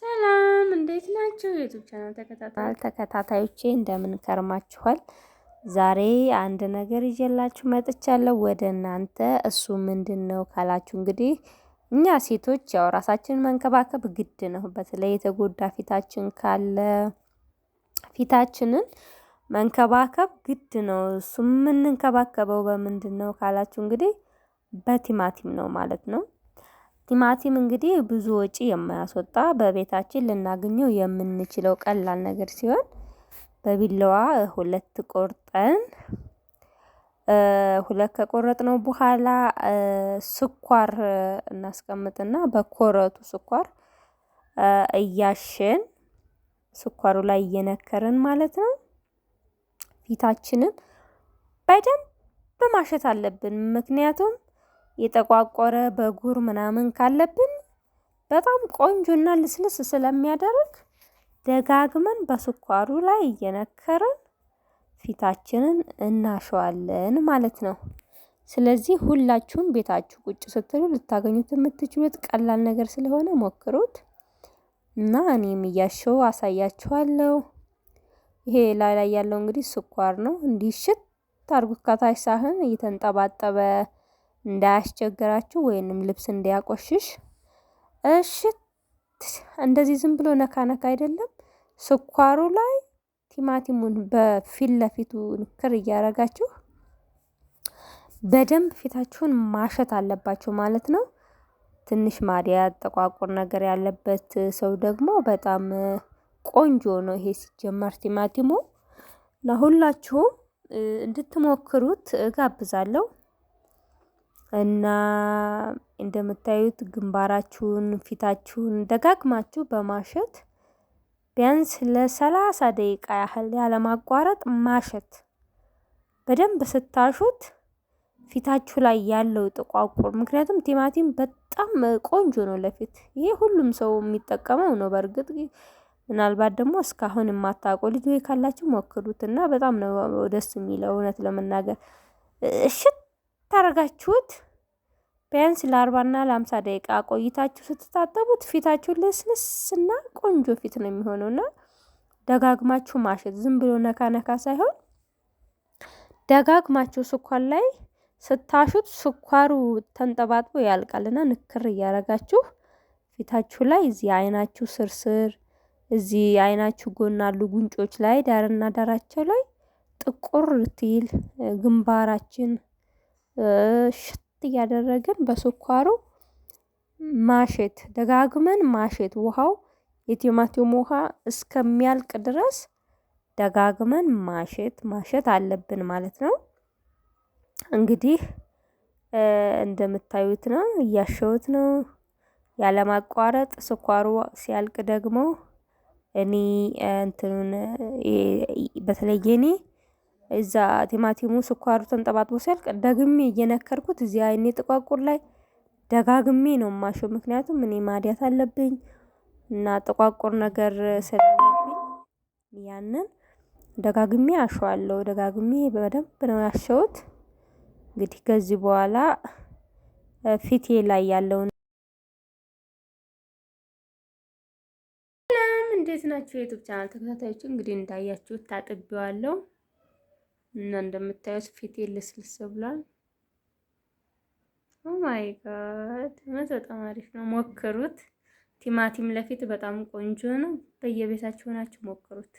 ሰላም እንዴት ናችሁ? የዩቱብ ቻናል ተከታታይ ተከታታዮቼ እንደምን ከርማችኋል? ዛሬ አንድ ነገር ይዤላችሁ መጥቻለሁ ወደ እናንተ። እሱ ምንድን ነው ካላችሁ እንግዲህ እኛ ሴቶች ያው ራሳችንን መንከባከብ ግድ ነው። በተለይ የተጎዳ ፊታችን ካለ ፊታችንን መንከባከብ ግድ ነው። እሱ የምንንከባከበው በምንድን ነው ካላችሁ እንግዲህ በቲማቲም ነው ማለት ነው። ቲማቲም እንግዲህ ብዙ ወጪ የማያስወጣ በቤታችን ልናገኘው የምንችለው ቀላል ነገር ሲሆን በቢላዋ ሁለት ቆርጠን ሁለት ነው በኋላ ስኳር እናስቀምጥና በኮረቱ ስኳር እያሸን ስኳሩ ላይ እየነከርን ማለት ነው። ፊታችንን በደንብ ማሸት አለብን። ምክንያቱም የጠቋቆረ በጉር ምናምን ካለብን በጣም ቆንጆና ልስልስ ስለሚያደርግ ደጋግመን በስኳሩ ላይ እየነከረን ፊታችንን እናሸዋለን ማለት ነው። ስለዚህ ሁላችሁም ቤታችሁ ቁጭ ስትሉ ልታገኙት የምትችሉት ቀላል ነገር ስለሆነ ሞክሩት እና እኔም እያሸው አሳያችኋለሁ። ይሄ ላይ ላይ ያለው እንግዲህ ስኳር ነው። እንዲህ ሽት ከታች ሳህን እየተንጠባጠበ እንዳያስቸግራችሁ ወይንም ልብስ እንዲያቆሽሽ እሺ እንደዚህ ዝም ብሎ ነካ ነካ አይደለም። ስኳሩ ላይ ቲማቲሙን በፊት ለፊቱ ንክር እያረጋችሁ በደንብ ፊታችሁን ማሸት አለባችሁ ማለት ነው። ትንሽ ማዲያ ጠቋቁር ነገር ያለበት ሰው ደግሞ በጣም ቆንጆ ነው ይሄ ሲጀመር ቲማቲሙ እና እንድትሞክሩት እጋብዛለሁ። እና እንደምታዩት ግንባራችሁን፣ ፊታችሁን ደጋግማችሁ በማሸት ቢያንስ ለሰላሳ ደቂቃ ያህል ያለማቋረጥ ማሸት። በደንብ ስታሹት ፊታችሁ ላይ ያለው ጥቋቁር፣ ምክንያቱም ቲማቲም በጣም ቆንጆ ነው ለፊት። ይሄ ሁሉም ሰው የሚጠቀመው ነው። በእርግጥ ምናልባት ደግሞ እስካሁን የማታውቁ ልጅ ካላችሁ ሞክሩት እና በጣም ነው ደስ የሚለው እውነት ለመናገር እሽት ታረጋችሁት ቢያንስ ለአርባና ለአምሳ ደቂቃ ቆይታችሁ ስትታጠቡት ፊታችሁን ልስልስና ቆንጆ ፊት ነው የሚሆነው እና ደጋግማችሁ ማሸት ዝም ብሎ ነካ ነካ ሳይሆን ደጋግማችሁ ስኳር ላይ ስታሹት ስኳሩ ተንጠባጥቦ ያልቃልና ንክር እያረጋችሁ ፊታችሁ ላይ እዚህ አይናችሁ ስርስር እዚህ አይናችሁ ጎን አሉ ጉንጮች ላይ ዳርና ዳራቸው ላይ ጥቁር ትል ግንባራችን ሽት እያደረግን በስኳሩ ማሸት ደጋግመን ማሸት ውሃው የቲማቲም ውሃ እስከሚያልቅ ድረስ ደጋግመን ማሸት ማሸት አለብን ማለት ነው። እንግዲህ እንደምታዩት ነው እያሸሁት ነው ያለማቋረጥ። ስኳሩ ሲያልቅ ደግሞ እኔ እንትኑን በተለይ እኔ እዛ ቲማቲሙ ስኳሩ ተንጠባጥቦ ሲያልቅ ደግሜ እየነከርኩት እዚህ አይኔ ጥቋቁር ላይ ደጋግሜ ነው ማሾ። ምክንያቱም እኔ ማዲያት አለብኝ እና ጥቋቁር ነገር ስለለብኝ ያንን ደጋግሜ አሸዋለሁ። ደጋግሜ በደንብ ነው ያሸውት። እንግዲህ ከዚህ በኋላ ፊቴ ላይ ያለውን እንዴት ናቸው የዩቱብ ቻናል ተከታታዮች፣ እንግዲህ እንዳያችሁት ታጥቤዋለሁ። እና እንደምታዩት ፊቴ ልስልስ ብሏል። ኦማይ oh ጋድ እውነት በጣም አሪፍ ነው፣ ሞክሩት። ቲማቲም ለፊት በጣም ቆንጆ ነው። በየቤታችሁ ሆናችሁ ሞክሩት።